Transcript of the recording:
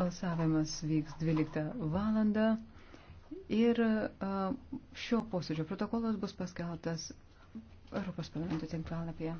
Balsavimas vyks 12 valandą ir šio posėdžio protokolas bus paskeltas Europos parlamento tinklalapyje.